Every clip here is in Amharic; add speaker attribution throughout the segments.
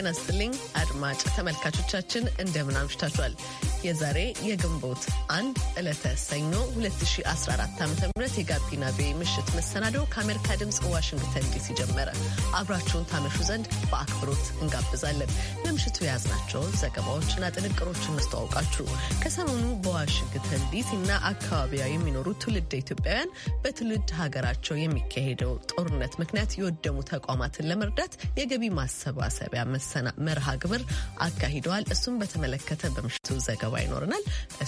Speaker 1: ጤና ስጥልኝ አድማጭ ተመልካቾቻችን እንደምን አምሽታችኋል። የዛሬ የግንቦት አንድ ዕለተ ሰኞ 2014 ዓ ም የጋቢና ቤ ምሽት መሰናዶው ከአሜሪካ ድምፅ ዋሽንግተን ዲሲ ጀመረ። አብራችሁን ታመሹ ዘንድ በአክብሮት እንጋብዛለን። ለምሽቱ የያዝናቸውን ዘገባዎችና ጥንቅሮችን እናስተዋውቃችሁ። ከሰሞኑ በዋሽንግተን ዲሲና አካባቢያ የሚኖሩ ትውልድ ኢትዮጵያውያን በትውልድ ሀገራቸው የሚካሄደው ጦርነት ምክንያት የወደሙ ተቋማትን ለመርዳት የገቢ ማሰባሰቢያ መርሃ ግብር አካሂደዋል። እሱም በተመለከተ በምሽቱ ዘገባ ዘገባ ይኖረናል።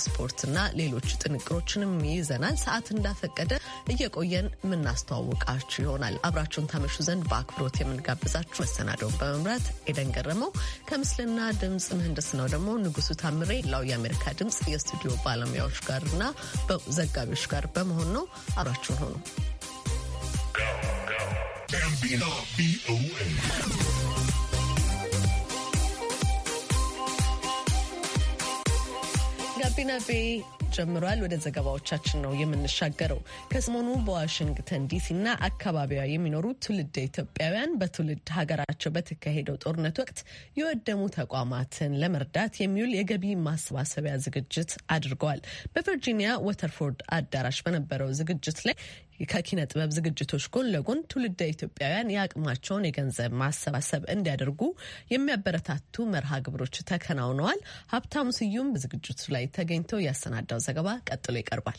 Speaker 1: ስፖርትና ሌሎች ጥንቅሮችንም ይዘናል። ሰዓት እንዳፈቀደ እየቆየን የምናስተዋውቃችሁ ይሆናል። አብራችሁን ታመሹ ዘንድ በአክብሮት የምንጋብዛችሁ መሰናዶውን በመምራት ኤደን ገረመው ከምስልና ድምፅ ነው ደግሞ ንጉሱ ታምሬ ላው የአሜሪካ ድምፅ የስቱዲዮ ባለሙያዎች ጋርና ዘጋቢዎች ጋር በመሆን ነው። አብራችሁን ሆኑ። ጋቢና ቤ ጀምሯል። ወደ ዘገባዎቻችን ነው የምንሻገረው። ከሰሞኑ በዋሽንግተን ዲሲና አካባቢዋ የሚኖሩ ትውልደ ኢትዮጵያውያን በትውልድ ሀገራቸው በተካሄደው ጦርነት ወቅት የወደሙ ተቋማትን ለመርዳት የሚውል የገቢ ማሰባሰቢያ ዝግጅት አድርገዋል። በቨርጂኒያ ወተርፎርድ አዳራሽ በነበረው ዝግጅት ላይ ከኪነ ጥበብ ዝግጅቶች ጎን ለጎን ትውልደ ኢትዮጵያውያን የአቅማቸውን የገንዘብ ማሰባሰብ እንዲያደርጉ የሚያበረታቱ መርሃ ግብሮች ተከናውነዋል። ሀብታሙ ስዩም በዝግጅቱ ላይ ተገኝተው ያሰናዳው ዘገባ ቀጥሎ ይቀርባል።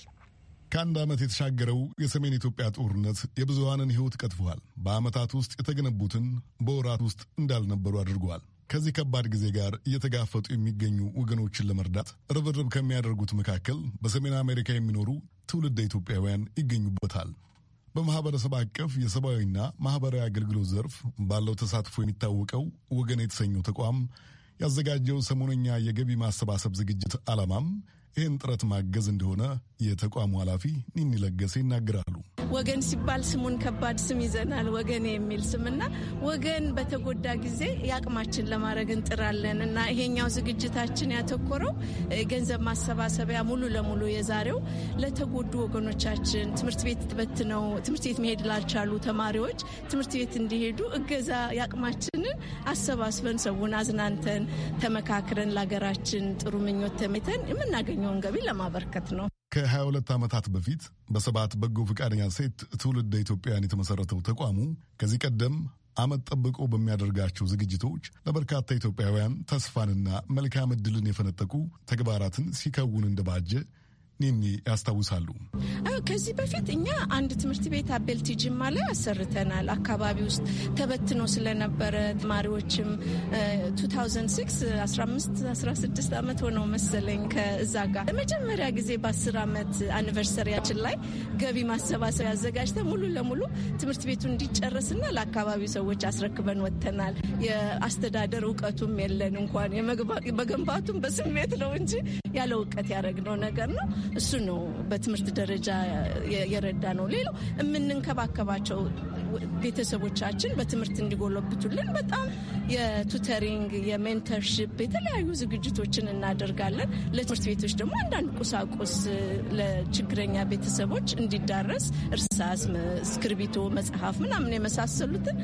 Speaker 2: ከአንድ ዓመት የተሻገረው የሰሜን ኢትዮጵያ ጦርነት የብዙሃንን ሕይወት ቀጥፏል። በዓመታት ውስጥ የተገነቡትን በወራት ውስጥ እንዳልነበሩ አድርጓል። ከዚህ ከባድ ጊዜ ጋር እየተጋፈጡ የሚገኙ ወገኖችን ለመርዳት ርብርብ ከሚያደርጉት መካከል በሰሜን አሜሪካ የሚኖሩ ትውልደ ኢትዮጵያውያን ይገኙበታል። በማህበረሰብ አቀፍ የሰብአዊና ማህበራዊ አገልግሎት ዘርፍ ባለው ተሳትፎ የሚታወቀው ወገን የተሰኘው ተቋም ያዘጋጀው ሰሞነኛ የገቢ ማሰባሰብ ዝግጅት ዓላማም ይህን ጥረት ማገዝ እንደሆነ የተቋሙ ኃላፊ ኒኒ ለገሰ ይናገራሉ።
Speaker 3: ወገን ሲባል ስሙን ከባድ ስም ይዘናል። ወገን የሚል ስም ስምና ወገን በተጎዳ ጊዜ የአቅማችን ለማድረግ እንጥራለን እና ይሄኛው ዝግጅታችን ያተኮረው ገንዘብ ማሰባሰቢያ ሙሉ ለሙሉ የዛሬው ለተጎዱ ወገኖቻችን ትምህርት ቤት በትነው ትምህርት ቤት መሄድ ላልቻሉ ተማሪዎች ትምህርት ቤት እንዲሄዱ እገዛ የአቅማችንን አሰባስበን ሰውን አዝናንተን ተመካክረን ለሀገራችን ጥሩ ምኞት ተሜተን የምናገኘ የማገኘውን ገቢ ለማበርከት ነው።
Speaker 2: ከ22 ዓመታት በፊት በሰባት በጎ ፈቃደኛ ሴት ትውልድ ኢትዮጵያውያን የተመሠረተው ተቋሙ ከዚህ ቀደም ዓመት ጠብቆ በሚያደርጋቸው ዝግጅቶች ለበርካታ ኢትዮጵያውያን ተስፋንና መልካም ዕድልን የፈነጠቁ ተግባራትን ሲከውን እንደባጀ ኒኒ ያስታውሳሉ።
Speaker 3: ከዚህ በፊት እኛ አንድ ትምህርት ቤት አቤልቲ ጅማ ላይ አሰርተናል። አካባቢ ውስጥ ተበትኖ ስለነበረ ተማሪዎችም 2006 ዓመት ሆነው መሰለኝ ከዛ ጋር ለመጀመሪያ ጊዜ በ10 ዓመት አኒቨርሰሪያችን ላይ ገቢ ማሰባሰብ አዘጋጅተን ሙሉ ለሙሉ ትምህርት ቤቱ እንዲጨረስና ለአካባቢው ሰዎች አስረክበን ወጥተናል። የአስተዳደር እውቀቱም የለን እንኳን የመግባ በስሜት ነው እንጂ ያለ እውቀት ያደረግነው ነገር ነው። እሱ ነው በትምህርት ደረጃ የረዳ ነው። ሌላው የምንንከባከባቸው ቤተሰቦቻችን በትምህርት እንዲጎለብቱልን በጣም የቱተሪንግ የሜንተርሽፕ የተለያዩ ዝግጅቶችን እናደርጋለን። ለትምህርት ቤቶች ደግሞ አንዳንድ ቁሳቁስ ለችግረኛ ቤተሰቦች እንዲዳረስ እርሳስ፣ እስክርቢቶ፣ መጽሐፍ ምናምን የመሳሰሉትን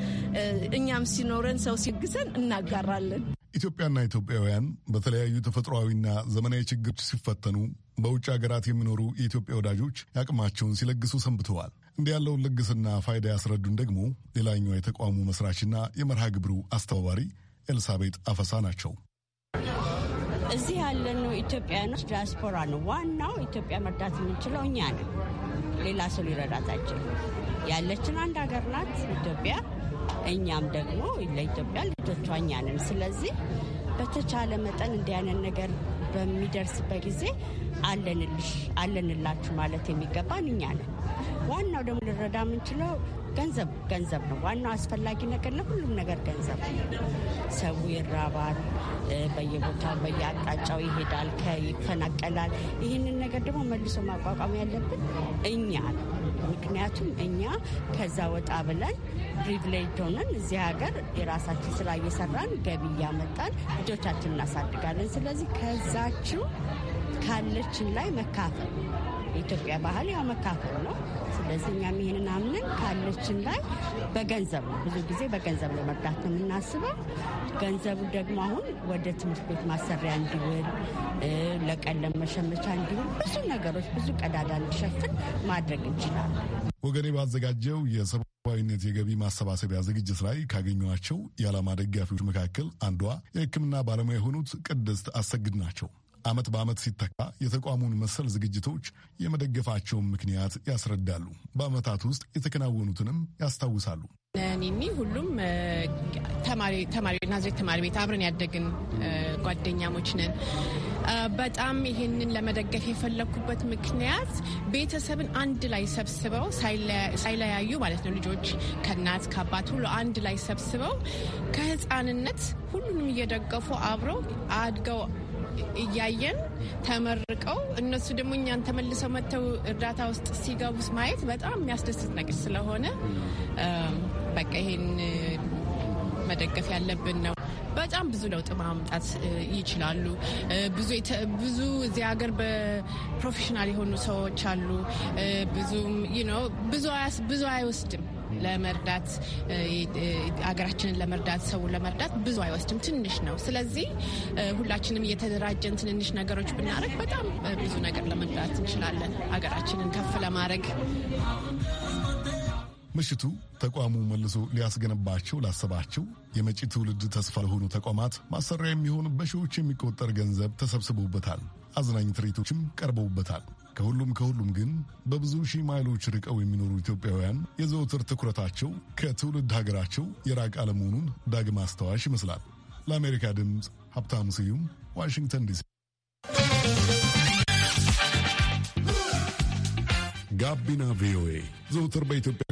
Speaker 3: እኛም ሲኖረን ሰው ሲግዘን እናጋራለን።
Speaker 2: ኢትዮጵያና ኢትዮጵያውያን በተለያዩ ተፈጥሯዊና ዘመናዊ ችግሮች ሲፈተኑ በውጭ ሀገራት የሚኖሩ የኢትዮጵያ ወዳጆች አቅማቸውን ሲለግሱ ሰንብተዋል። እንዲህ ያለውን ልግስና ፋይዳ ያስረዱን ደግሞ ሌላኛው የተቋሙ መስራችና የመርሃ ግብሩ አስተባባሪ ኤልሳቤጥ አፈሳ ናቸው።
Speaker 4: እዚህ ያለነው ኢትዮጵያኖች ዲያስፖራ ነው። ዋናው ኢትዮጵያ መርዳት የምንችለው እኛ ነን። ሌላ ሰው ሊረዳታችን ያለችን አንድ ሀገር ናት ኢትዮጵያ እኛም ደግሞ ለኢትዮጵያ ልጆቿ እኛ ነን። ስለዚህ በተቻለ መጠን እንዲህ ነገር በሚደርስበት ጊዜ አለንልሽ አለንላችሁ ማለት የሚገባን እኛ ነን። ዋናው ደግሞ ልረዳ የምንችለው ገንዘብ ገንዘብ ነው። ዋናው አስፈላጊ ነገር ለሁሉም ነገር ገንዘብ ነው። ሰው ይራባል፣ በየቦታው በየአቅጣጫው ይሄዳል፣ ይፈናቀላል። ይህንን ነገር ደግሞ መልሶ ማቋቋም ያለብን እኛ ነው። ምክንያቱም እኛ ከዛ ወጣ ብለን ፕሪቪሌጅ ሆነን እዚህ ሀገር የራሳችን ስራ እየሰራን ገቢ እያመጣን ልጆቻችን እናሳድጋለን። ስለዚህ ከዛችው ካለችን ላይ መካፈል የኢትዮጵያ ባህል ያው መካፈል ነው። ስለዚህ እኛም ይሄንን አምነን ካለችን ላይ በገንዘብ ነው ብዙ ጊዜ በገንዘብ ለመርዳት ነው የምናስበው። ገንዘቡ ደግሞ አሁን ወደ ትምህርት ቤት ማሰሪያ እንዲውል፣ ለቀለም መሸመቻ እንዲውል፣ ብዙ ነገሮች ብዙ ቀዳዳ እንዲሸፍን ማድረግ እንችላለን።
Speaker 2: ወገኔ ባዘጋጀው የሰብአዊነት የገቢ ማሰባሰቢያ ዝግጅት ላይ ካገኟቸው የዓላማ ደጋፊዎች መካከል አንዷ የሕክምና ባለሙያ የሆኑት ቅድስት አሰግድ ናቸው። ዓመት በዓመት ሲተካ የተቋሙን መሰል ዝግጅቶች የመደገፋቸውን ምክንያት ያስረዳሉ። በዓመታት ውስጥ የተከናወኑትንም ያስታውሳሉ።
Speaker 5: ኒኒ ሁሉም ተማሪ ናዝሬት ተማሪ ቤት አብረን ያደግን ጓደኛሞች ነን። በጣም ይህንን ለመደገፍ የፈለግኩበት ምክንያት ቤተሰብን አንድ ላይ ሰብስበው ሳይለያዩ ማለት ነው። ልጆች ከእናት ከአባት ሁሉ አንድ ላይ ሰብስበው ከህፃንነት ሁሉንም እየደገፉ አብረው አድገው እያየን ተመርቀው እነሱ ደግሞ እኛን ተመልሰው መጥተው እርዳታ ውስጥ ሲገቡስ ማየት በጣም የሚያስደስት ነገር ስለሆነ በቃ ይሄን መደገፍ ያለብን ነው። በጣም ብዙ ለውጥ ማምጣት ይችላሉ። ብዙ እዚህ ሀገር በፕሮፌሽናል የሆኑ ሰዎች አሉ። ብዙም ብዙ አይወስድም ለመርዳት አገራችንን ለመርዳት ሰውን ለመርዳት ብዙ አይወስድም፣ ትንሽ ነው። ስለዚህ ሁላችንም የተደራጀን ትንንሽ ነገሮች ብናደርግ በጣም ብዙ ነገር ለመርዳት እንችላለን፣ አገራችንን ከፍ ለማድረግ።
Speaker 2: ምሽቱ ተቋሙ መልሶ ሊያስገነባቸው ላሰባቸው የመጪ ትውልድ ተስፋ ለሆኑ ተቋማት ማሰሪያ የሚሆን በሺዎች የሚቆጠር ገንዘብ ተሰብስቦበታል። አዝናኝ ትርኢቶችም ቀርበውበታል። ከሁሉም ከሁሉም ግን በብዙ ሺህ ማይሎች ርቀው የሚኖሩ ኢትዮጵያውያን የዘውትር ትኩረታቸው ከትውልድ ሀገራቸው የራቅ አለመሆኑን ዳግም አስተዋሽ ይመስላል። ለአሜሪካ ድምፅ ሀብታም ስዩም ዋሽንግተን ዲሲ። ጋቢና ቪኦኤ ዘውትር በኢትዮጵያ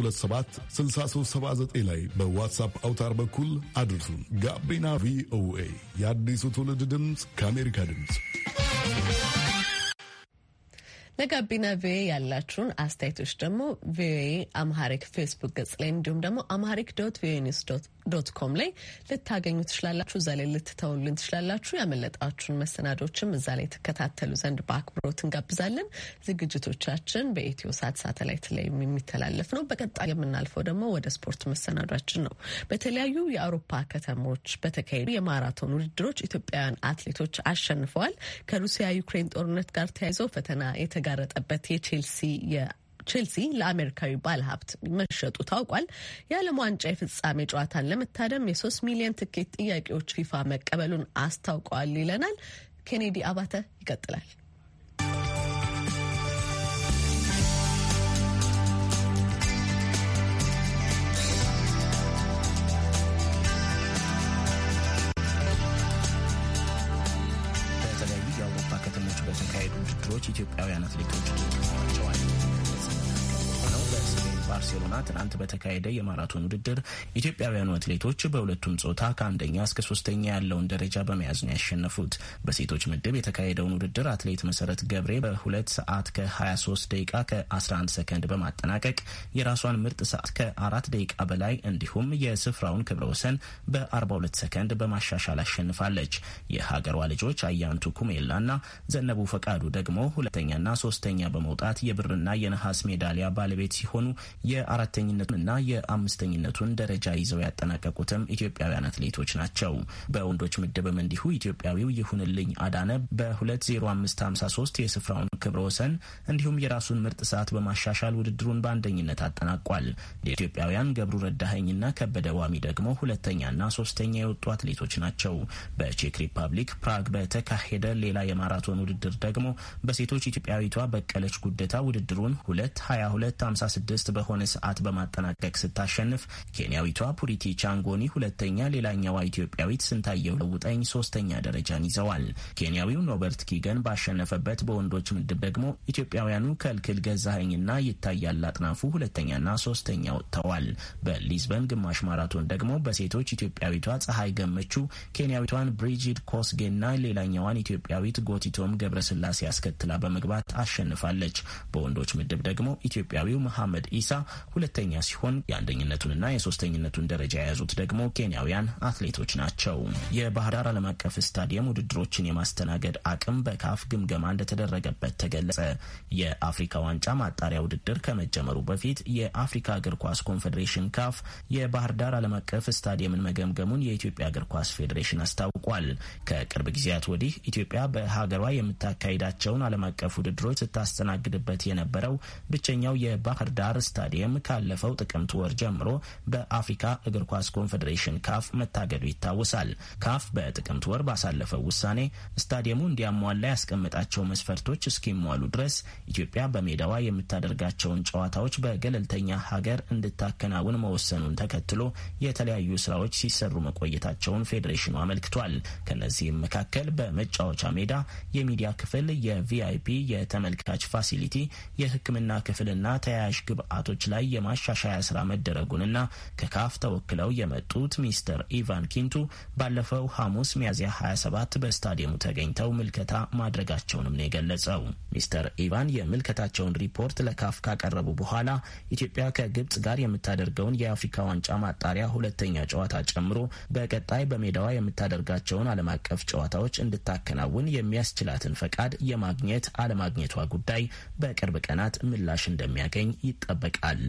Speaker 2: 227 ላይ በዋትሳፕ አውታር በኩል አድርሱን። ጋቢና ቪኦኤ የአዲሱ ትውልድ ድምፅ ከአሜሪካ ድምፅ
Speaker 1: ለጋቢና ቪኦኤ ያላችሁን አስተያየቶች ደግሞ ቪኦኤ አምሃሪክ ፌስቡክ ገጽ ላይ እንዲሁም ደግሞ አምሃሪክ ዶት ቪኦኤ ኒውስ ዶት ኮም ላይ ልታገኙ ትችላላችሁ። እዛ ላይ ልትተውልን ትችላላችሁ። ያመለጣችሁን መሰናዶችም እዛ ላይ ትከታተሉ ዘንድ በአክብሮት እንጋብዛለን። ዝግጅቶቻችን በኢትዮ ሳት ሳተላይት ላይ የሚተላለፍ ነው። በቀጣይ የምናልፈው ደግሞ ወደ ስፖርት መሰናዷችን ነው። በተለያዩ የአውሮፓ ከተሞች በተካሄዱ የማራቶን ውድድሮች ኢትዮጵያውያን አትሌቶች አሸንፈዋል። ከሩሲያ ዩክሬን ጦርነት ጋር ተያይዘው ፈተና የተ የተጋረጠበት የቼልሲ ቼልሲ ለአሜሪካዊ ባለሀብት መሸጡ ታውቋል። የዓለም ዋንጫ የፍጻሜ ጨዋታን ለመታደም የሶስት ሚሊዮን ትኬት ጥያቄዎች ፊፋ መቀበሉን አስታውቀዋል ይለናል። ኬኔዲ አባተ ይቀጥላል።
Speaker 6: በተካሄደ የማራቶን ውድድር ኢትዮጵያውያኑ አትሌቶች በሁለቱም ጾታ ከአንደኛ እስከ ሶስተኛ ያለውን ደረጃ በመያዝ ነው ያሸነፉት። በሴቶች ምድብ የተካሄደውን ውድድር አትሌት መሰረት ገብሬ በሁለት ሰዓት ከ23 ደቂቃ ከ11 ሰከንድ በማጠናቀቅ የራሷን ምርጥ ሰዓት ከአራት ደቂቃ በላይ እንዲሁም የስፍራውን ክብረ ወሰን በ42 ሰከንድ በማሻሻል አሸንፋለች። የሀገሯ ልጆች አያንቱ ኩሜላና ዘነቡ ፈቃዱ ደግሞ ሁለተኛና ሶስተኛ በመውጣት የብርና የነሐስ ሜዳሊያ ባለቤት ሲሆኑ የአራተኝነትና የአምስተኝነቱን ደረጃ ይዘው ያጠናቀቁትም ኢትዮጵያውያን አትሌቶች ናቸው። በወንዶች ምድብም እንዲሁ ኢትዮጵያዊው ይሁንልኝ አዳነ በ20553 የስፍራውን ክብረ ወሰን እንዲሁም የራሱን ምርጥ ሰዓት በማሻሻል ውድድሩን በአንደኝነት አጠናቋል። ለኢትዮጵያውያን ገብሩ ረዳኸኝና ከበደ ዋሚ ደግሞ ሁለተኛና ሶስተኛ የወጡ አትሌቶች ናቸው። በቼክ ሪፐብሊክ ፕራግ በተካሄደ ሌላ የማራቶን ውድድር ደግሞ በሴቶች ኢትዮጵያዊቷ በቀለች ጉደታ ውድድሩን 2 22 56 በሆነ ሰዓት በማጠናቀቅ በመድረክ ስታሸንፍ ኬንያዊቷ ፑሪቲ ቻንጎኒ ሁለተኛ፣ ሌላኛዋ ኢትዮጵያዊት ስንታየው ለውጠኝ ሶስተኛ ደረጃን ይዘዋል። ኬንያዊው ኖበርት ኪገን ባሸነፈበት በወንዶች ምድብ ደግሞ ኢትዮጵያውያኑ ከልክል ገዛኸኝና ይታያል አጥናፉ ሁለተኛና ሶስተኛ ወጥተዋል። በሊዝበን ግማሽ ማራቶን ደግሞ በሴቶች ኢትዮጵያዊቷ ፀሐይ ገመቹ ኬንያዊቷን ብሪጂድ ኮስጌና ሌላኛዋን ኢትዮጵያዊት ጎቲቶም ገብረስላሴ አስከትላ በመግባት አሸንፋለች። በወንዶች ምድብ ደግሞ ኢትዮጵያዊው መሐመድ ኢሳ ሁለተኛ ሲሆን የአንደኝነቱንና የሶስተኝነቱን ደረጃ የያዙት ደግሞ ኬንያውያን አትሌቶች ናቸው። የባህር ዳር ዓለም አቀፍ ስታዲየም ውድድሮችን የማስተናገድ አቅም በካፍ ግምገማ እንደተደረገበት ተገለጸ። የአፍሪካ ዋንጫ ማጣሪያ ውድድር ከመጀመሩ በፊት የአፍሪካ እግር ኳስ ኮንፌዴሬሽን ካፍ የባህር ዳር ዓለም አቀፍ ስታዲየምን መገምገሙን የኢትዮጵያ እግር ኳስ ፌዴሬሽን አስታውቋል። ከቅርብ ጊዜያት ወዲህ ኢትዮጵያ በሀገሯ የምታካሂዳቸውን ዓለም አቀፍ ውድድሮች ስታስተናግድበት የነበረው ብቸኛው የባህር ዳር ስታዲየም ካለፈው ጥቅምት ወር ጀምሮ በአፍሪካ እግር ኳስ ኮንፌዴሬሽን ካፍ መታገዱ ይታወሳል። ካፍ በጥቅምት ወር ባሳለፈው ውሳኔ ስታዲየሙ እንዲያሟላ ያስቀመጣቸው መስፈርቶች እስኪሟሉ ድረስ ኢትዮጵያ በሜዳዋ የምታደርጋቸውን ጨዋታዎች በገለልተኛ ሀገር እንድታከናውን መወሰኑን ተከትሎ የተለያዩ ስራዎች ሲሰሩ መቆየታቸውን ፌዴሬሽኑ አመልክቷል። ከነዚህም መካከል በመጫወቻ ሜዳ የሚዲያ ክፍል፣ የቪአይፒ የተመልካች ፋሲሊቲ፣ የሕክምና ክፍልና ተያያዥ ግብአቶች ላይ የማሻሻያ ስራ መደረጉንና ከካፍ ተወክለው የመጡት ሚስተር ኢቫን ኪንቱ ባለፈው ሐሙስ ሚያዝያ 27 በስታዲየሙ ተገኝተው ምልከታ ማድረጋቸውንም ነው የገለጸው። ሚስተር ኢቫን የምልከታቸውን ሪፖርት ለካፍ ካቀረቡ በኋላ ኢትዮጵያ ከግብጽ ጋር የምታደርገውን የአፍሪካ ዋንጫ ማጣሪያ ሁለተኛ ጨዋታ ጨምሮ በቀጣይ በሜዳዋ የምታደርጋቸውን ዓለም አቀፍ ጨዋታዎች እንድታከናውን የሚያስችላትን ፈቃድ የማግኘት አለማግኘቷ ጉዳይ በቅርብ ቀናት ምላሽ እንደሚያገኝ ይጠበቃል።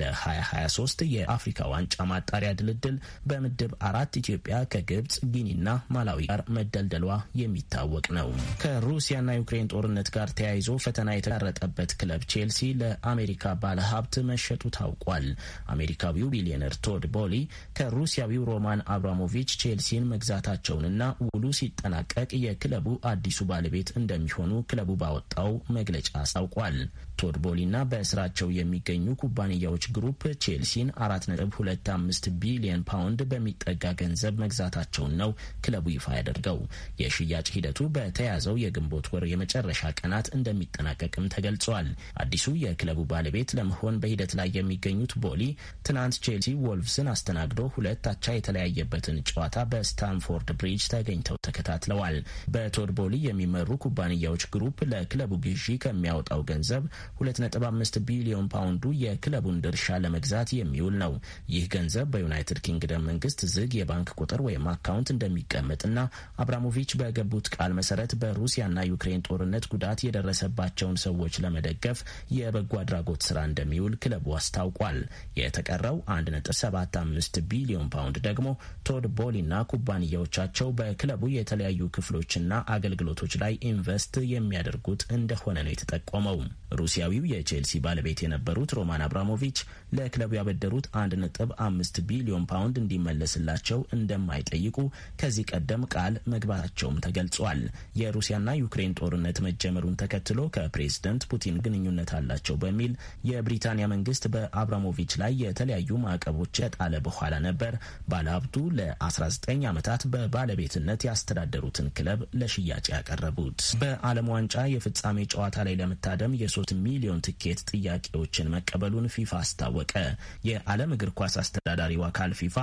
Speaker 6: ለ2020 23 የአፍሪካ ዋንጫ ማጣሪያ ድልድል በምድብ አራት ኢትዮጵያ ከግብጽ፣ ጊኒና ማላዊ ጋር መደልደሏ የሚታወቅ ነው። ከሩሲያና ዩክሬን ጦርነት ጋር ተያይዞ ፈተና የተጋረጠበት ክለብ ቼልሲ ለአሜሪካ ባለሀብት መሸጡ ታውቋል። አሜሪካዊው ቢሊዮነር ቶድ ቦሊ ከሩሲያዊው ሮማን አብራሞቪች ቼልሲን መግዛታቸውንና ውሉ ሲጠናቀቅ የክለቡ አዲሱ ባለቤት እንደሚሆኑ ክለቡ ባወጣው መግለጫ አስታውቋል። ቶድ ቦሊና በስራቸው የሚገኙ ኩባንያዎች ግሩፕ ቼልሲን 4.25 ቢሊዮን ፓውንድ በሚጠጋ ገንዘብ መግዛታቸውን ነው ክለቡ ይፋ ያደርገው። የሽያጭ ሂደቱ በተያዘው የግንቦት ወር የመጨረሻ ቀናት እንደሚጠናቀቅም ተገልጿል። አዲሱ የክለቡ ባለቤት ለመሆን በሂደት ላይ የሚገኙት ቦሊ ትናንት ቼልሲ ወልቭስን አስተናግዶ ሁለት አቻ የተለያየበትን ጨዋታ በስታንፎርድ ብሪጅ ተገኝተው ተከታትለዋል። በቶድ ቦሊ የሚመሩ ኩባንያዎች ግሩፕ ለክለቡ ግዢ ከሚያወጣው ገንዘብ 2.5 ቢሊዮን ፓውንዱ የክለቡን ድርሻ ለመግዛት ግዛት የሚውል ነው። ይህ ገንዘብ በዩናይትድ ኪንግደም መንግስት ዝግ የባንክ ቁጥር ወይም አካውንት እንደሚቀመጥና አብራሞቪች በገቡት ቃል መሰረት በሩሲያና ዩክሬን ጦርነት ጉዳት የደረሰባቸውን ሰዎች ለመደገፍ የበጎ አድራጎት ስራ እንደሚውል ክለቡ አስታውቋል። የተቀረው 1.75 ቢሊዮን ፓውንድ ደግሞ ቶድ ቦሊና ኩባንያዎቻቸው በክለቡ የተለያዩ ክፍሎችና አገልግሎቶች ላይ ኢንቨስት የሚያደርጉት እንደሆነ ነው የተጠቆመው። ሩሲያዊው የቼልሲ ባለቤት የነበሩት ሮማን አብራሞቪች ለክለ ገንዘብ ያበደሩት አንድ ነጥብ አምስት ቢሊዮን ፓውንድ እንዲመለስላቸው እንደማይጠይቁ ከዚህ ቀደም ቃል መግባታቸውም ተገልጿል። የሩሲያና ዩክሬን ጦርነት መጀመሩን ተከትሎ ከፕሬዝደንት ፑቲን ግንኙነት አላቸው በሚል የብሪታንያ መንግስት በአብራሞቪች ላይ የተለያዩ ማዕቀቦች የጣለ በኋላ ነበር ባለሀብቱ ለ19 ዓመታት በባለቤትነት ያስተዳደሩትን ክለብ ለሽያጭ ያቀረቡት። በዓለም ዋንጫ የፍጻሜ ጨዋታ ላይ ለመታደም የሶስት ሚሊዮን ትኬት ጥያቄዎችን መቀበሉን ፊፋ አስታወቀ። የዓለም እግር ኳስ አስተዳዳሪው አካል ፊፋ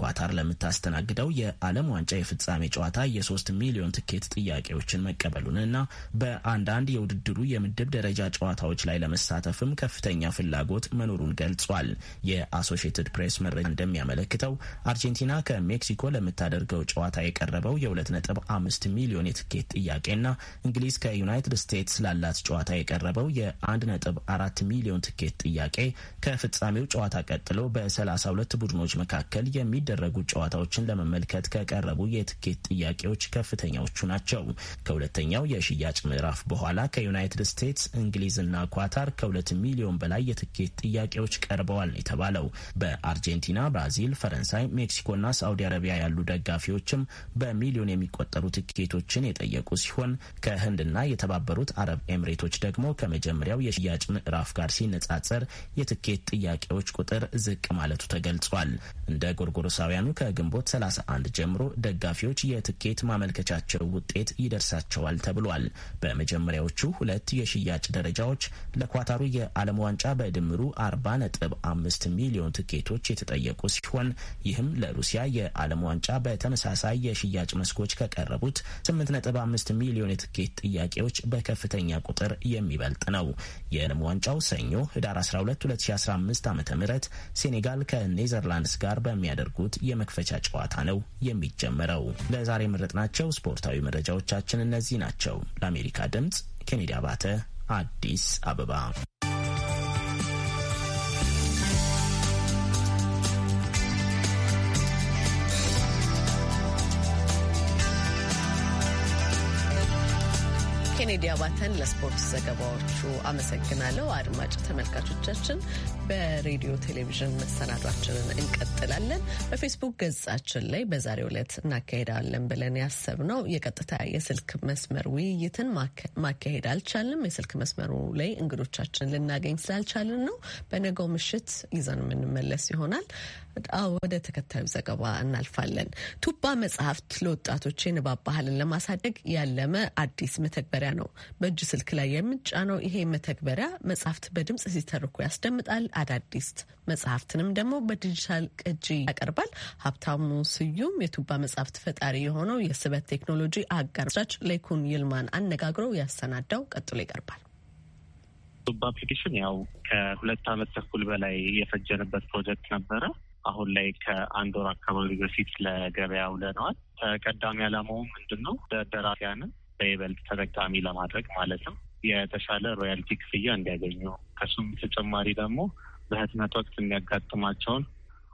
Speaker 6: ኳታር ለምታስተናግደው የዓለም ዋንጫ የፍጻሜ ጨዋታ የሶስት ሚሊዮን ትኬት ጥያቄዎችን መቀበሉንና በአንዳንድ የውድድሩ የምድብ ደረጃ ጨዋታዎች ላይ ለመሳተፍም ከፍተኛ ፍላጎት መኖሩን ገልጿል። የአሶሺየትድ ፕሬስ መረጃ እንደሚያመለክተው አርጀንቲና ከሜክሲኮ ለምታደርገው ጨዋታ የቀረበው የ2.5 ሚሊዮን የትኬት ጥያቄና እንግሊዝ ከዩናይትድ ስቴትስ ላላት ጨዋታ የቀረበው የ1.4 ሚሊዮን ትኬት ጥያቄ ከፍጻሜው ጨዋታ ቀጥሎ በ32 ቡድኖች መካከል የሚደረጉ ጨዋታዎችን ለመመልከት ከቀረቡ የትኬት ጥያቄዎች ከፍተኛዎቹ ናቸው። ከሁለተኛው የሽያጭ ምዕራፍ በኋላ ከዩናይትድ ስቴትስ፣ እንግሊዝና ኳታር ከ2 ሚሊዮን በላይ የትኬት ጥያቄዎች ቀርበዋል የተባለው በአርጀንቲና፣ ብራዚል፣ ፈረንሳይ፣ ሜክሲኮና ሳውዲ አረቢያ ያሉ ደጋፊዎችም በሚሊዮን የሚቆጠሩ ትኬቶችን የጠየቁ ሲሆን ከህንድና የተባበሩት አረብ ኤምሬቶች ደግሞ ከመጀመሪያው የሽያጭ ምዕራፍ ጋር ሲነጻጸር የትኬት ጥያቄዎች ሰዎች ቁጥር ዝቅ ማለቱ ተገልጿል። እንደ ጎርጎሮሳውያኑ ከግንቦት 31 ጀምሮ ደጋፊዎች የትኬት ማመልከቻቸው ውጤት ይደርሳቸዋል ተብሏል። በመጀመሪያዎቹ ሁለት የሽያጭ ደረጃዎች ለኳታሩ የዓለም ዋንጫ በድምሩ 40.5 ሚሊዮን ትኬቶች የተጠየቁ ሲሆን ይህም ለሩሲያ የዓለም ዋንጫ በተመሳሳይ የሽያጭ መስኮች ከቀረቡት 8.5 ሚሊዮን የትኬት ጥያቄዎች በከፍተኛ ቁጥር የሚበልጥ ነው። የዓለም ዋንጫው ሰኞ ህዳር 12 2015 ዓ ምህረት ሴኔጋል ከኔዘርላንድስ ጋር በሚያደርጉት የመክፈቻ ጨዋታ ነው የሚጀመረው። ለዛሬ የመረጥናቸው ስፖርታዊ መረጃዎቻችን እነዚህ ናቸው። ለአሜሪካ ድምጽ ኬኔዲ አባተ አዲስ አበባ
Speaker 1: ኬኔዲ አባተን ለስፖርት ዘገባዎቹ አመሰግናለሁ። አድማጭ ተመልካቾቻችን በሬዲዮ ቴሌቪዥን መሰናዷችንን እንቀጥላለን። በፌስቡክ ገጻችን ላይ በዛሬው ዕለት እናካሄዳለን ብለን ያሰብነው የቀጥታ የስልክ መስመር ውይይትን ማካሄድ አልቻልንም። የስልክ መስመሩ ላይ እንግዶቻችን ልናገኝ ስላልቻልን ነው። በነገው ምሽት ይዘን የምንመለስ ይሆናል። ወደ ተከታዩ ዘገባ እናልፋለን። ቱባ መጽሐፍት ለወጣቶች የንባብ ባህልን ለማሳደግ ያለመ አዲስ መተግበሪያ ነው። በእጅ ስልክ ላይ የምንጫነው ይሄ መተግበሪያ መጽሐፍት በድምጽ ሲተርኩ ያስደምጣል። አዳዲስ መጽሐፍትንም ደግሞ በዲጂታል ቅጂ ያቀርባል። ሀብታሙ ስዩም የቱባ መጽሐፍት ፈጣሪ የሆነው የስበት ቴክኖሎጂ አጋር መስራች ይልማን አነጋግሮ ያሰናዳው ቀጥሎ ይቀርባል።
Speaker 7: ቱባ አፕሊኬሽን ያው ከሁለት ዓመት ተኩል በላይ የፈጀንበት ፕሮጀክት ነበረ። አሁን ላይ ከአንድ ወር አካባቢ በፊት ለገበያ ውለነዋል። ተቀዳሚ ዓላማው ምንድን ነው? ደራሲያንን በይበልጥ ተጠቃሚ ለማድረግ ማለት ነው። የተሻለ ሮያልቲ ክፍያ እንዲያገኙ ከሱም ተጨማሪ ደግሞ በህትመት ወቅት የሚያጋጥማቸውን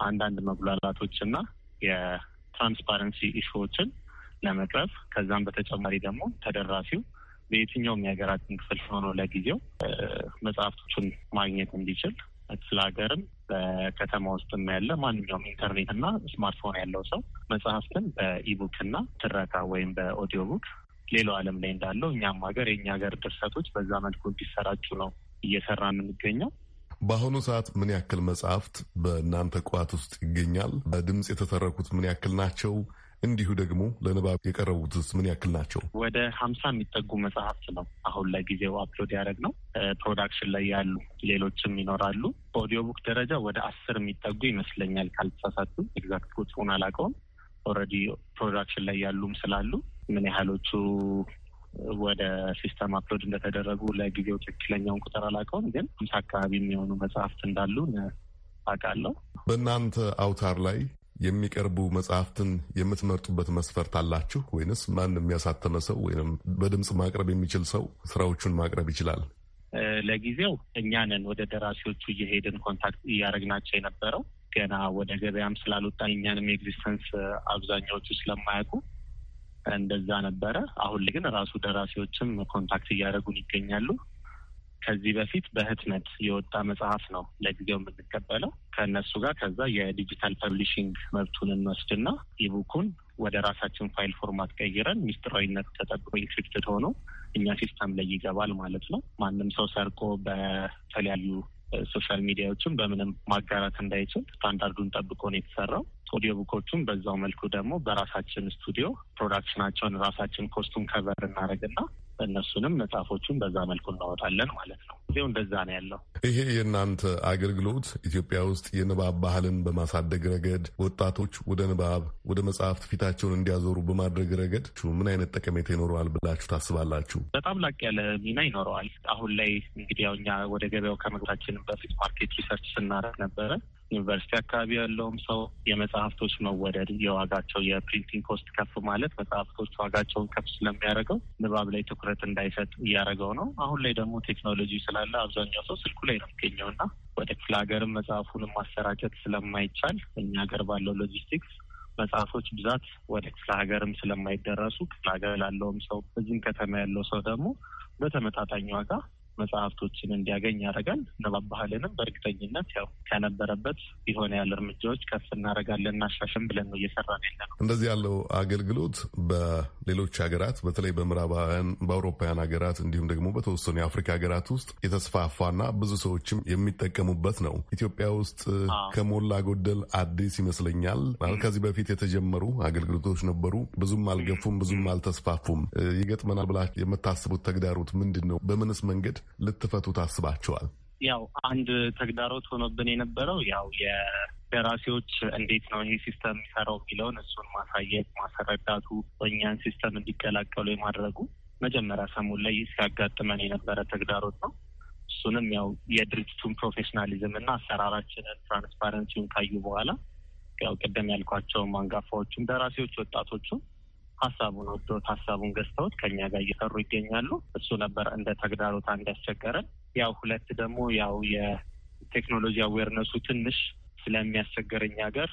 Speaker 7: አንዳንድ መጉላላቶች እና የትራንስፓረንሲ ኢሹዎችን ለመቅረፍ ከዛም በተጨማሪ ደግሞ ተደራሲው በየትኛውም የሀገራችን ክፍል ሆኖ ለጊዜው መጽሐፍቶቹን ማግኘት እንዲችል ስለ ሀገርም በከተማ ውስጥም ያለ ማንኛውም ኢንተርኔት እና ስማርትፎን ያለው ሰው መጽሐፍትን በኢቡክ እና ትረካ ወይም በኦዲዮ ቡክ ሌላው ዓለም ላይ እንዳለው እኛም ሀገር የእኛ ሀገር ድርሰቶች በዛ መልኩ እንዲሰራጩ ነው እየሰራ
Speaker 2: የምንገኘው። በአሁኑ ሰዓት ምን ያክል መጽሐፍት በእናንተ ቋት ውስጥ ይገኛል? በድምፅ የተተረኩት ምን ያክል ናቸው? እንዲሁ ደግሞ ለንባብ የቀረቡትስ ምን ያክል ናቸው?
Speaker 7: ወደ ሀምሳ የሚጠጉ መጽሐፍት ነው አሁን ለጊዜው አፕሎድ ያደረግ ነው። ፕሮዳክሽን ላይ ያሉ ሌሎችም ይኖራሉ። በኦዲዮ ቡክ ደረጃ ወደ አስር የሚጠጉ ይመስለኛል ካልተሳሳቱ። ኤግዛክት ቁጥሩን አላውቀውም። ኦልሬዲ ፕሮዳክሽን ላይ ያሉም ስላሉ ምን ያህሎቹ ወደ ሲስተም አፕሎድ እንደተደረጉ ለጊዜው ትክክለኛውን ቁጥር አላውቀውም፣ ግን ሀምሳ አካባቢ የሚሆኑ መጽሐፍት እንዳሉ አውቃለሁ።
Speaker 2: በእናንተ አውታር ላይ የሚቀርቡ መጽሐፍትን የምትመርጡበት መስፈርት አላችሁ ወይንስ ማን የሚያሳተመ ሰው ወይም በድምፅ ማቅረብ የሚችል ሰው ስራዎቹን ማቅረብ ይችላል?
Speaker 7: ለጊዜው እኛንን ወደ ደራሲዎቹ እየሄድን ኮንታክት እያደረግናቸው የነበረው ገና ወደ ገበያም ስላልወጣ እኛንም ኤግዚስተንስ አብዛኛዎቹ ስለማያውቁ እንደዛ ነበረ። አሁን ላይ ግን ራሱ ደራሲዎችም ኮንታክት እያደረጉን ይገኛሉ። ከዚህ በፊት በህትመት የወጣ መጽሐፍ ነው ለጊዜው የምንቀበለው ከእነሱ ጋር። ከዛ የዲጂታል ፐብሊሽንግ መብቱን እንወስድና ኢቡኩን ወደ ራሳችን ፋይል ፎርማት ቀይረን ሚስጥራዊነት ተጠብቆ ኢንክሪፕትድ ሆኖ እኛ ሲስተም ላይ ይገባል ማለት ነው። ማንም ሰው ሰርቆ በተለያዩ ሶሻል ሚዲያዎችም በምንም ማጋራት እንዳይችል ስታንዳርዱን ጠብቆ ነው የተሰራው። ኦዲዮ ቡኮቹን በዛው መልኩ ደግሞ በራሳችን ስቱዲዮ ፕሮዳክሽናቸውን ራሳችን ኮስቱም ከቨር እናደርግና እነሱንም መጽሐፎቹን በዛ መልኩ እናወጣለን ማለት ነው። ጊዜው እንደዛ ነው ያለው።
Speaker 2: ይሄ የእናንተ አገልግሎት ኢትዮጵያ ውስጥ የንባብ ባህልን በማሳደግ ረገድ፣ ወጣቶች ወደ ንባብ ወደ መጽሐፍት ፊታቸውን እንዲያዞሩ በማድረግ ረገድ ምን አይነት ጠቀሜታ ይኖረዋል ብላችሁ ታስባላችሁ?
Speaker 7: በጣም ላቅ ያለ ሚና ይኖረዋል። አሁን ላይ እንግዲህ ያው እኛ ወደ ገበያው ከመግባታችን በፊት ማርኬት ሪሰርች ስናደርግ ነበረ። ዩኒቨርሲቲ አካባቢ ያለውም ሰው የመጽሐፍቶች መወደድ፣ የዋጋቸው የፕሪንቲንግ ኮስት ከፍ ማለት መጽሐፍቶች ዋጋቸውን ከፍ ስለሚያደርገው ንባብ ላይ ትኩረት እንዳይሰጥ እያደረገው ነው። አሁን ላይ ደግሞ ቴክኖሎጂ ስላለ አብዛኛው ሰው ስልኩ ላይ ነው የሚገኘው እና ወደ ክፍለ ሀገርም መጽሐፉንም ማሰራጨት ስለማይቻል እኛ ሀገር ባለው ሎጂስቲክስ መጽሐፎች ብዛት ወደ ክፍለ ሀገርም ስለማይደረሱ ክፍለ ሀገር ላለውም ሰው እዚህም ከተማ ያለው ሰው ደግሞ በተመጣጣኝ ዋጋ መጽሐፍቶችን እንዲያገኝ ያደርጋል። ንባብ ባህልንም በእርግጠኝነት ያው ከነበረበት የሆነ ያለ እርምጃዎች ከፍ እናደርጋለን እናሻሽም ብለን ነው እየሰራን ያለ
Speaker 2: ነው። እንደዚህ ያለው አገልግሎት በሌሎች ሀገራት በተለይ በምዕራባውያን በአውሮፓውያን ሀገራት እንዲሁም ደግሞ በተወሰኑ የአፍሪካ ሀገራት ውስጥ የተስፋፋና ብዙ ሰዎችም የሚጠቀሙበት ነው። ኢትዮጵያ ውስጥ ከሞላ ጎደል አዲስ ይመስለኛል። ከዚህ በፊት የተጀመሩ አገልግሎቶች ነበሩ፣ ብዙም አልገፉም፣ ብዙም አልተስፋፉም። ይገጥመናል ብላ የምታስቡት ተግዳሮት ምንድን ነው? በምንስ መንገድ ልትፈቱ ታስባችኋል?
Speaker 7: ያው አንድ ተግዳሮት ሆኖብን የነበረው ያው ደራሲዎች እንዴት ነው ይሄ ሲስተም የሚሰራው የሚለውን እሱን ማሳየት ማስረዳቱ፣ እኛን ሲስተም እንዲቀላቀሉ የማድረጉ መጀመሪያ ሰሙን ላይ ሲያጋጥመን የነበረ ተግዳሮት ነው። እሱንም ያው የድርጅቱን ፕሮፌሽናሊዝም እና አሰራራችንን ትራንስፓረንሲውን ካዩ በኋላ ያው ቅድም ያልኳቸውም አንጋፋዎቹም ደራሲዎች ወጣቶቹም ሀሳቡን ወስዶት ሀሳቡን ገዝተውት ከኛ ጋር እየሰሩ ይገኛሉ። እሱ ነበር እንደ ተግዳሮት አንድ ያስቸገረን። ያው ሁለት ደግሞ ያው የቴክኖሎጂ አዌርነሱ ትንሽ ስለሚያስቸገረኝ ሀገር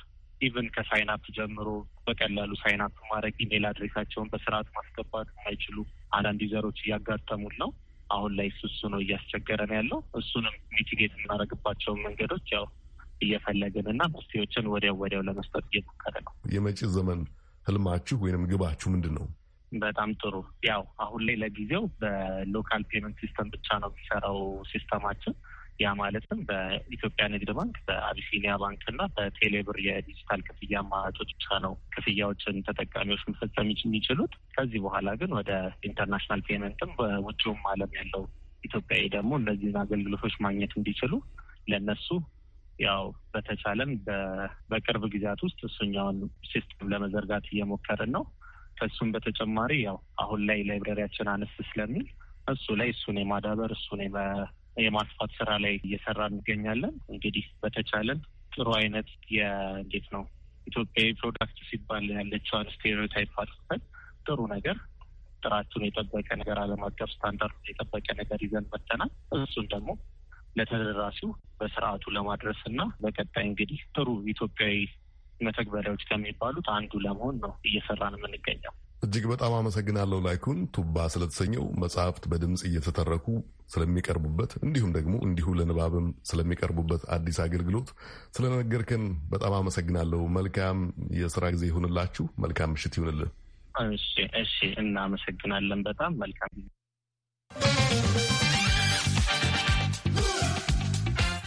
Speaker 7: ኢቨን ከሳይናፕ ጀምሮ በቀላሉ ሳይናፕ ማድረግ ኢሜል አድሬሳቸውን በስርዓት ማስገባት የማይችሉ አንዳንድ ዩዘሮች እያጋጠሙን ነው። አሁን ላይ እሱ እሱ ነው እያስቸገረን ያለው። እሱንም ሚቲጌት የምናደርግባቸውን መንገዶች ያው እየፈለግን እና መፍትሄዎችን ወዲያው ወዲያው ለመስጠት እየሞከረ
Speaker 2: ነው። የመጪ ዘመን ህልማችሁ ወይንም ግባችሁ ምንድን ነው?
Speaker 7: በጣም ጥሩ። ያው አሁን ላይ ለጊዜው በሎካል ፔመንት ሲስተም ብቻ ነው የሚሰራው ሲስተማችን። ያ ማለትም በኢትዮጵያ ንግድ ባንክ፣ በአቢሲኒያ ባንክ እና በቴሌብር የዲጂታል ክፍያ አማራጮች ብቻ ነው ክፍያዎችን ተጠቃሚዎች መፈጸም የሚችሉት። ከዚህ በኋላ ግን ወደ ኢንተርናሽናል ፔመንትም በውጭውም ዓለም ያለው ኢትዮጵያዊ ደግሞ እነዚህን አገልግሎቶች ማግኘት እንዲችሉ ለእነሱ ያው በተቻለን በቅርብ ጊዜያት ውስጥ እሱኛውን ሲስተም ለመዘርጋት እየሞከርን ነው። ከእሱም በተጨማሪ ያው አሁን ላይ ላይብረሪያችን አነስ ስለሚል እሱ ላይ እሱን የማዳበር እሱን የማስፋት ስራ ላይ እየሰራ እንገኛለን። እንግዲህ በተቻለን ጥሩ አይነት የእንዴት ነው ኢትዮጵያዊ ፕሮዳክት ሲባል ያለችዋን ስቴሪዮታይፕ አጥፍተን ጥሩ ነገር ጥራቱን የጠበቀ ነገር ዓለም አቀፍ ስታንዳርዱን የጠበቀ ነገር ይዘን መተናል። እሱን ደግሞ ለተደራሲው በስርዓቱ ለማድረስ እና በቀጣይ እንግዲህ ጥሩ ኢትዮጵያዊ መተግበሪያዎች ከሚባሉት አንዱ ለመሆን ነው እየሰራን የምንገኘው።
Speaker 2: እጅግ በጣም አመሰግናለሁ። ላይኩን ቱባ ስለተሰኘው መጽሐፍት በድምፅ እየተተረኩ ስለሚቀርቡበት እንዲሁም ደግሞ እንዲሁ ለንባብም ስለሚቀርቡበት አዲስ አገልግሎት ስለነገርከን በጣም አመሰግናለሁ። መልካም የስራ ጊዜ ይሁንላችሁ። መልካም ምሽት ይሁንልን። እሺ፣ እሺ። እናመሰግናለን።
Speaker 7: በጣም መልካም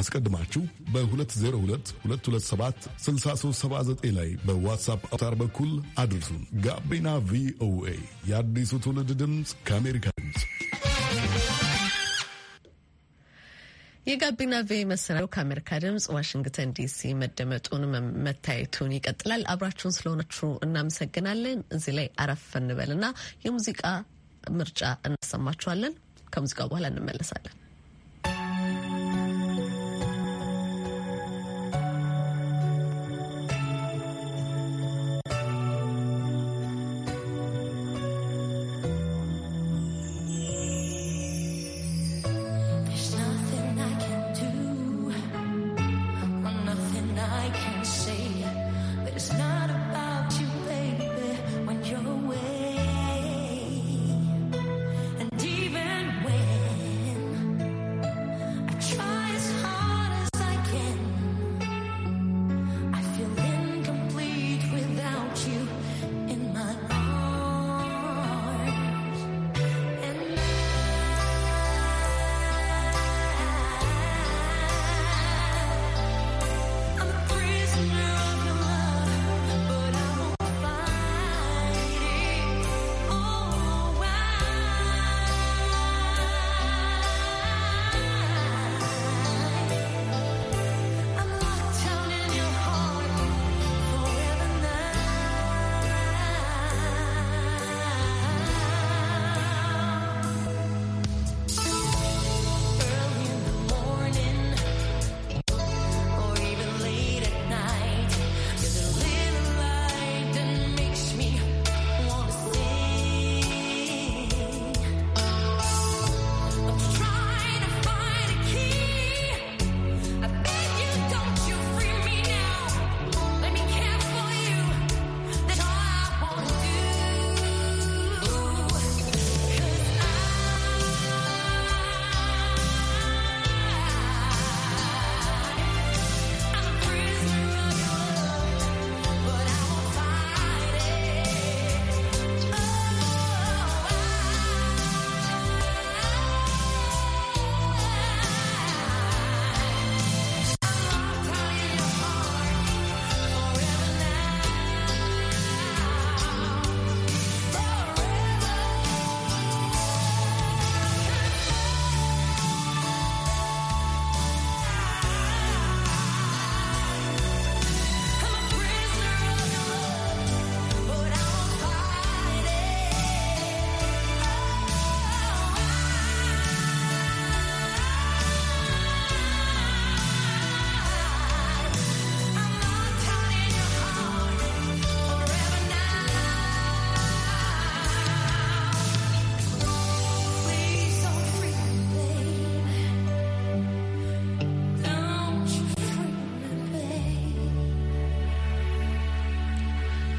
Speaker 2: አስቀድማችሁ በ2022276379 ላይ በዋትሳፕ አውታር በኩል አድርሱን። ጋቢና ቪኦኤ የአዲሱ ትውልድ ድምፅ ከአሜሪካ ድምፅ
Speaker 1: የጋቢና ቪ መሰናዶ ከአሜሪካ ድምጽ ዋሽንግተን ዲሲ መደመጡን መታየቱን ይቀጥላል። አብራችሁን ስለሆነችሁ እናመሰግናለን። እዚህ ላይ አረፍ እንበልና የሙዚቃ ምርጫ እናሰማችኋለን። ከሙዚቃው በኋላ እንመለሳለን።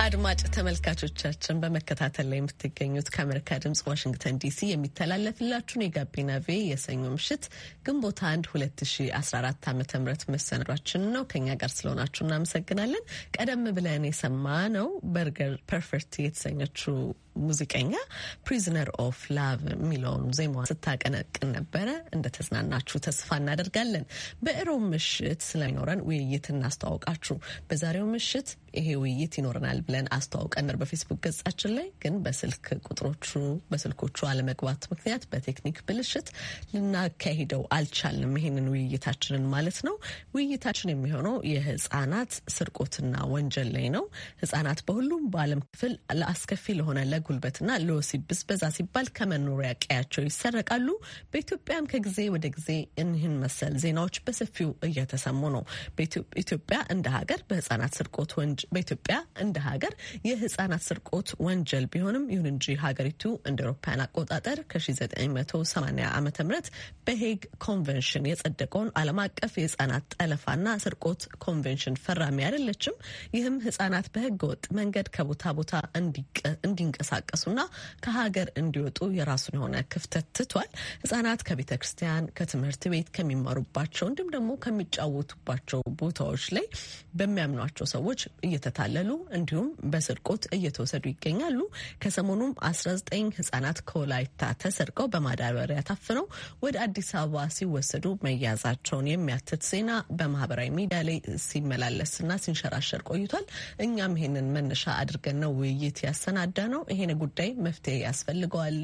Speaker 1: አድማጭ ተመልካቾቻችን በመከታተል ላይ የምትገኙት ከአሜሪካ ድምጽ ዋሽንግተን ዲሲ የሚተላለፍላችሁን የጋቢና ቬ የሰኞ ምሽት ግንቦት አንድ 2014 ዓ ም መሰናዷችን ነው። ከኛ ጋር ስለሆናችሁ እናመሰግናለን። ቀደም ብለን ነው በርገር ፐርፌክት የተሰኘችው ሙዚቀኛ ፕሪዝነር ኦፍ ላቭ የሚለውን ዜማ ስታቀነቅን ነበረ። እንደተዝናናችሁ ተስፋ እናደርጋለን። በእሮብ ምሽት ስለሚኖረን ውይይት እናስተዋውቃችሁ። በዛሬው ምሽት ይሄ ውይይት ይኖረናል ብለን አስተዋውቀን በፌስቡክ ገጻችን ላይ ግን በስልክ ቁጥሮቹ በስልኮቹ አለመግባት ምክንያት በቴክኒክ ብልሽት ልናካሂደው አልቻልም። ይሄንን ውይይታችንን ማለት ነው። ውይይታችን የሚሆነው የህጻናት ስርቆትና ወንጀል ላይ ነው። ህጻናት በሁሉም በዓለም ክፍል ለአስከፊ ለሆነ ለጉልበትና ለወሲብ ብዝበዛ ሲባል ከመኖሪያ ቀያቸው ይሰረቃሉ። በኢትዮጵያም ከጊዜ ወደ ጊዜ እኒህን መሰል ዜናዎች በሰፊው እየተሰሙ ነው። በኢትዮጵያ እንደ ሀገር በህጻናት ስርቆት ወንጅ በኢትዮጵያ እንደ ሀገር የህጻናት ስርቆት ወንጀል ቢሆንም ይሁን እንጂ ሀገሪቱ እንደ አውሮፓውያን አቆጣጠር ከ1980 ዓ ም በሄግ ኮንቨንሽን የጸደቀውን ዓለም አቀፍ የህጻናት ጠለፋና ስርቆት ኮንቬንሽን ፈራሚ አይደለችም። ይህም ህጻናት በህገ ወጥ መንገድ ከቦታ ቦታ እንዲንቀሳ እንዲንቀሳቀሱና ከሀገር እንዲወጡ የራሱን የሆነ ክፍተት ትቷል። ህጻናት ከቤተ ክርስቲያን፣ ከትምህርት ቤት ከሚማሩባቸው እንዲሁም ደግሞ ከሚጫወቱባቸው ቦታዎች ላይ በሚያምኗቸው ሰዎች እየተታለሉ እንዲሁም በስርቆት እየተወሰዱ ይገኛሉ። ከሰሞኑም 19 ህጻናት ከወላይታ ተሰርቀው በማዳበሪያ ታፍነው ወደ አዲስ አበባ ሲወሰዱ መያዛቸውን የሚያትት ዜና በማህበራዊ ሚዲያ ላይ ሲመላለስና ሲንሸራሸር ቆይቷል። እኛም ይሄንን መነሻ አድርገን ነው ውይይት ያሰናዳ ነው። ይህን ጉዳይ መፍትሄ ያስፈልገዋል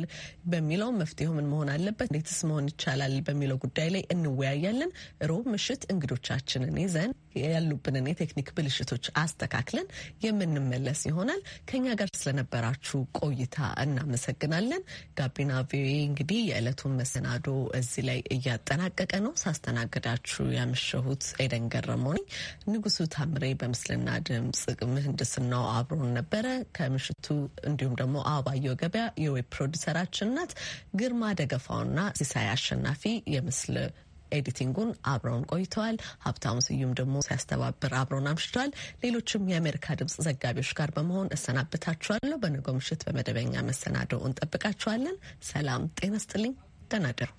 Speaker 1: በሚለው መፍትሄው ምን መሆን አለበት፣ እንዴትስ መሆን ይቻላል በሚለው ጉዳይ ላይ እንወያያለን። ሮብ ምሽት እንግዶቻችንን ይዘን ያሉብንን የቴክኒክ ብልሽቶች አስተካክለን የምንመለስ ይሆናል። ከኛ ጋር ስለነበራችሁ ቆይታ እናመሰግናለን። ጋቢና ቪኦኤ እንግዲህ የዕለቱን መሰናዶ እዚህ ላይ እያጠናቀቀ ነው። ሳስተናግዳችሁ ያመሸሁት ኤደን ገረመ ንጉሱ ታምሬ በምስልና ድምፅ ምህንድስናው አብሮን ነበረ። ከምሽቱ እንዲሁም ደግሞ ደግሞ አባየው ገበያ የዌብ ፕሮዲሰራችን ናት። ግርማ ደገፋውና ሲሳይ አሸናፊ የምስል ኤዲቲንጉን አብረውን ቆይተዋል። ሀብታሙ ስዩም ደግሞ ሲያስተባብር አብረውን አምሽተዋል። ሌሎችም የአሜሪካ ድምጽ ዘጋቢዎች ጋር በመሆን እሰናብታችኋለሁ። በነገው ምሽት በመደበኛ መሰናደው እንጠብቃችኋለን። ሰላም ጤና ስጥልኝ። ደህና